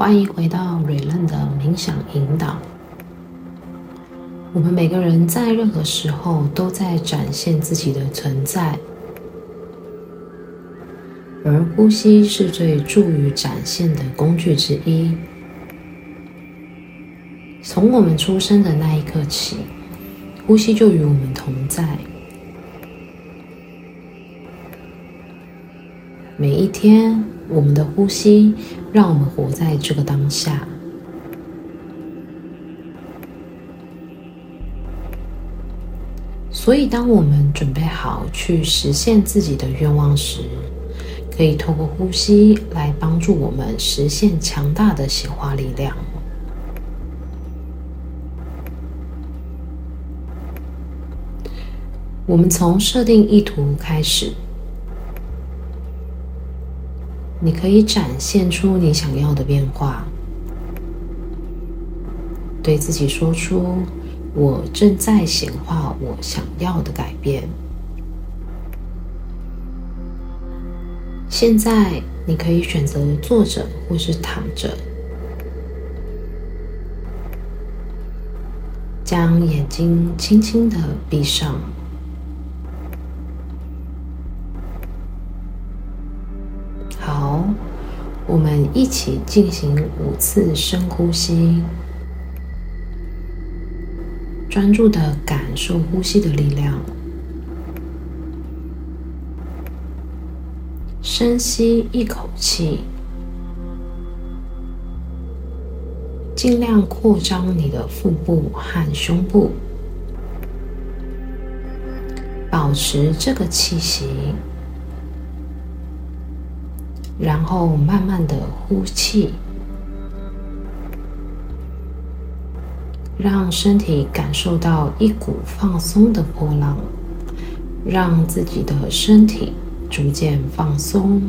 歡迎回到睿睿的冥想引導。我們每個人在任何時候都在展現自己的存在，而呼吸是最助於展現的工具之一。從我們出生的那一刻起，呼吸就與我們同在。每一天。我們的呼吸，讓我們活在這個當下。所以，當我們準備好去實現自己的願望時，可以透過呼吸來幫助我們實現強大的顯化力量。我們從設定意圖開始。你可以展現出你想要的變化，對自己說出：“我正在顯化我想要的改變。”現在你可以選擇坐着或是躺着，將眼睛輕輕的閉上。我們一起進行五次深呼吸，專注的感受呼吸的力量。深吸一口氣，盡量擴張你的腹部和胸部，保持這個氣息。然後慢慢的呼氣，讓身體感受到一股放鬆的波浪，讓自己的身體逐漸放鬆。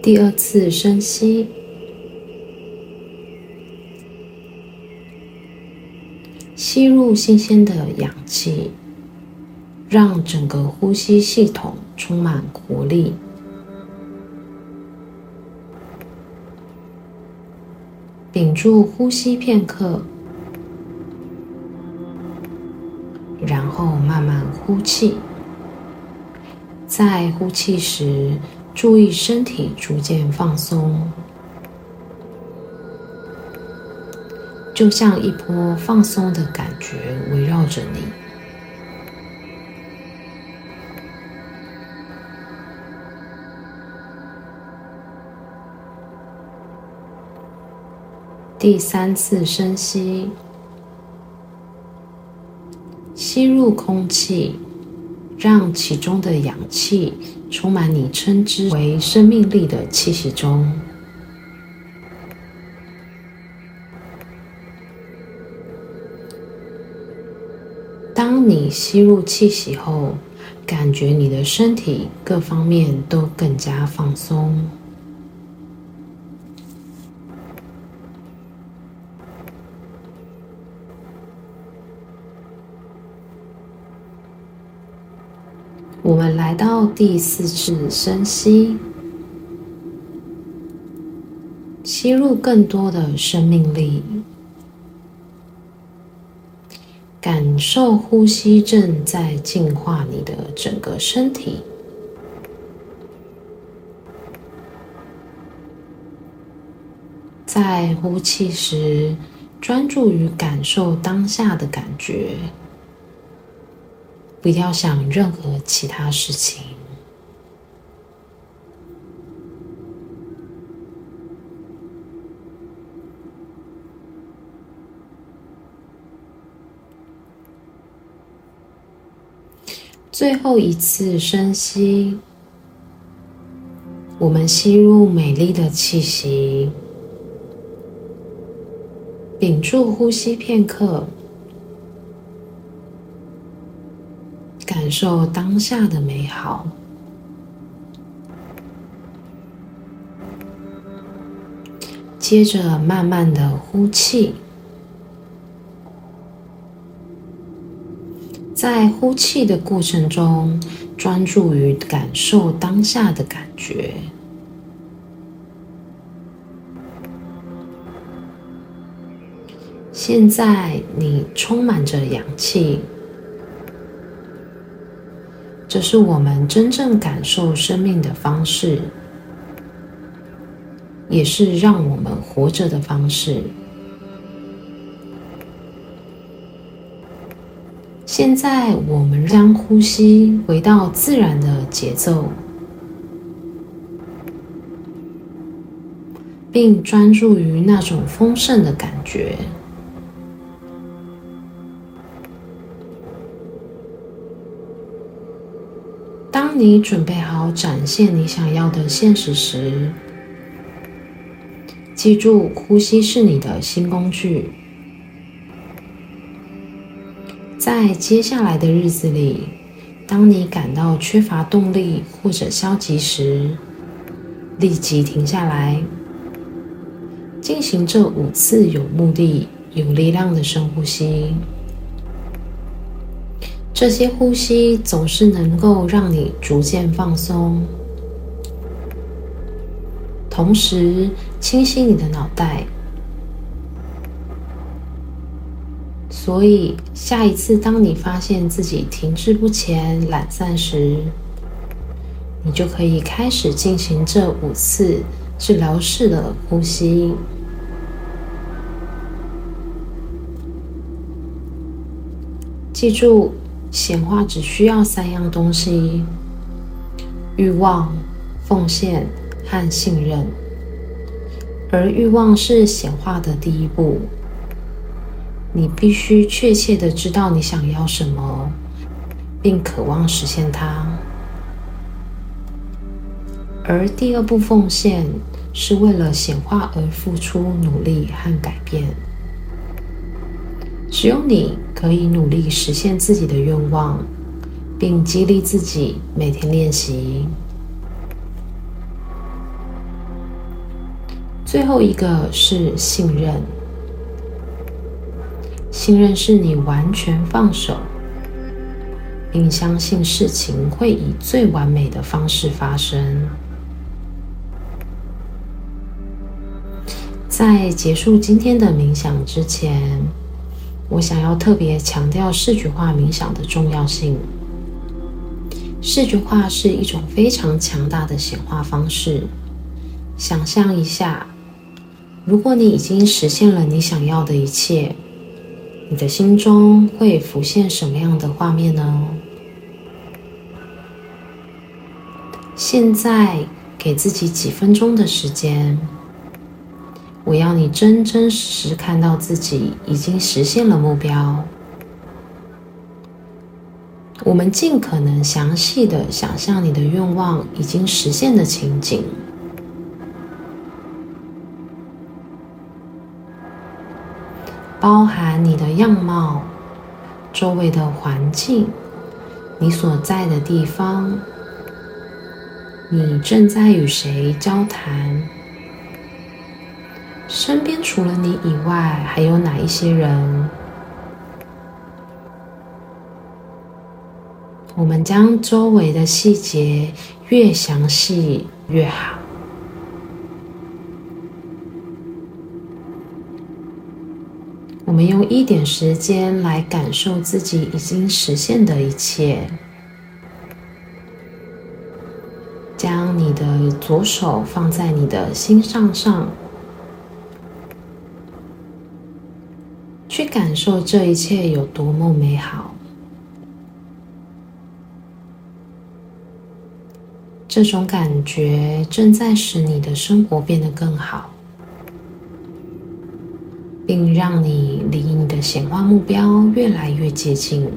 第二次深吸。吸入新鮮的氧氣，讓整個呼吸系統充滿活力。屏住呼吸片刻，然後慢慢呼氣。在呼氣時，注意身體逐漸放鬆。就像一波放鬆的感覺圍繞着你。第三次深吸，吸入空氣，讓其中的氧氣充滿你稱之為生命力的氣息中。當你吸入氣息後，感覺你的身體各方面都更加放鬆。我們來到第四次深吸，吸入更多的生命力。感受呼吸正在淨化你的整個身體，在呼氣時，專注於感受當下的感覺，不要想任何其他事情。最後一次深吸，我們吸入美麗的氣息，屏住呼吸片刻，感受當下的美好。接着，慢慢的呼氣。在呼氣的過程中，專注於感受當下的感覺。現在你充滿着氧氣，這是我們真正感受生命的方式，也是讓我們活着的方式。現在我們將呼吸回到自然的節奏，並專注於那種豐盛的感覺。當你準備好展現你想要的現實時，記住呼吸是你的新工具。在接下來的日子裡，當你感到缺乏動力或者消極時，立即停下來，進行這五次有目的、有力量的深呼吸。這些呼吸總是能夠讓你逐漸放鬆，同時清晰你的腦袋。所以下一次，當你發現自己停滯不前、懶散時，你就可以開始進行這五次治療式的呼吸。記住，顯化只需要三樣東西：慾望、奉獻和信任。而慾望是顯化的第一步。你必須確切的知道你想要什麼，並渴望實現它。而第二步奉獻是為了顯化而付出努力和改變。只有你可以努力實現自己的願望，並激勵自己每天練習。最後一個是信任。信任是你完全放手，並相信事情會以最完美的方式發生。在結束今天的冥想之前，我想要特別強調視覺化冥想的重要性。視覺化是一種非常強大的顯化方式。想象一下，如果你已經實現了你想要的一切。你的心中會浮現什麼樣的畫面呢？現在給自己幾分鐘的時間，我要你真真實實看到自己已經實現了目標。我們盡可能詳細的想象你的願望已經實現的情景。包含你的樣貌、周圍的環境、你所在的地方、你正在與誰交談、身邊除了你以外還有哪一些人。我們將周圍的細節越詳細越好。我們用一點時間來感受自己已經實現的一切。將你的左手放在你的心上，上，去感受這一切有多麼美好。這種感覺正在使你的生活變得更好。並讓你離你的顯化目標越來越接近。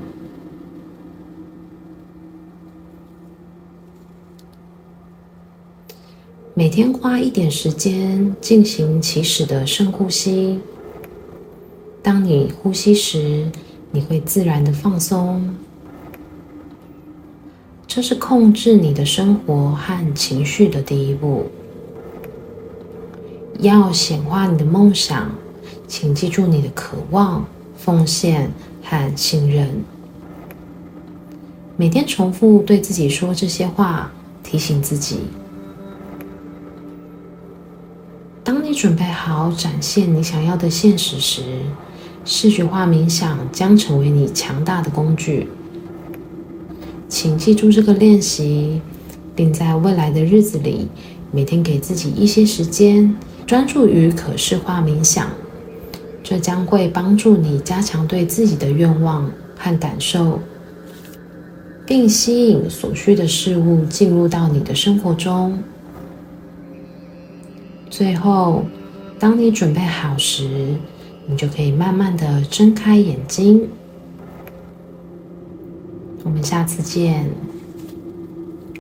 每天花一點時間進行起始的深呼吸。當你呼吸時，你會自然的放鬆。這是控制你的生活和情緒的第一步。要顯化你的夢想。請記住你的渴望、奉獻和信任。每天重複對自己說這些話，提醒自己。當你準備好展現你想要的現實時，視覺化冥想將成為你強大的工具。請記住這個練習，並在未來的日子裡每天給自己一些時間，專注於可視化冥想。這將會幫助你加強對自己的願望和感受，並吸引所需的事物進入到你的生活中。最後，當你準備好時，你就可以慢慢地睜開眼睛。我們下次見。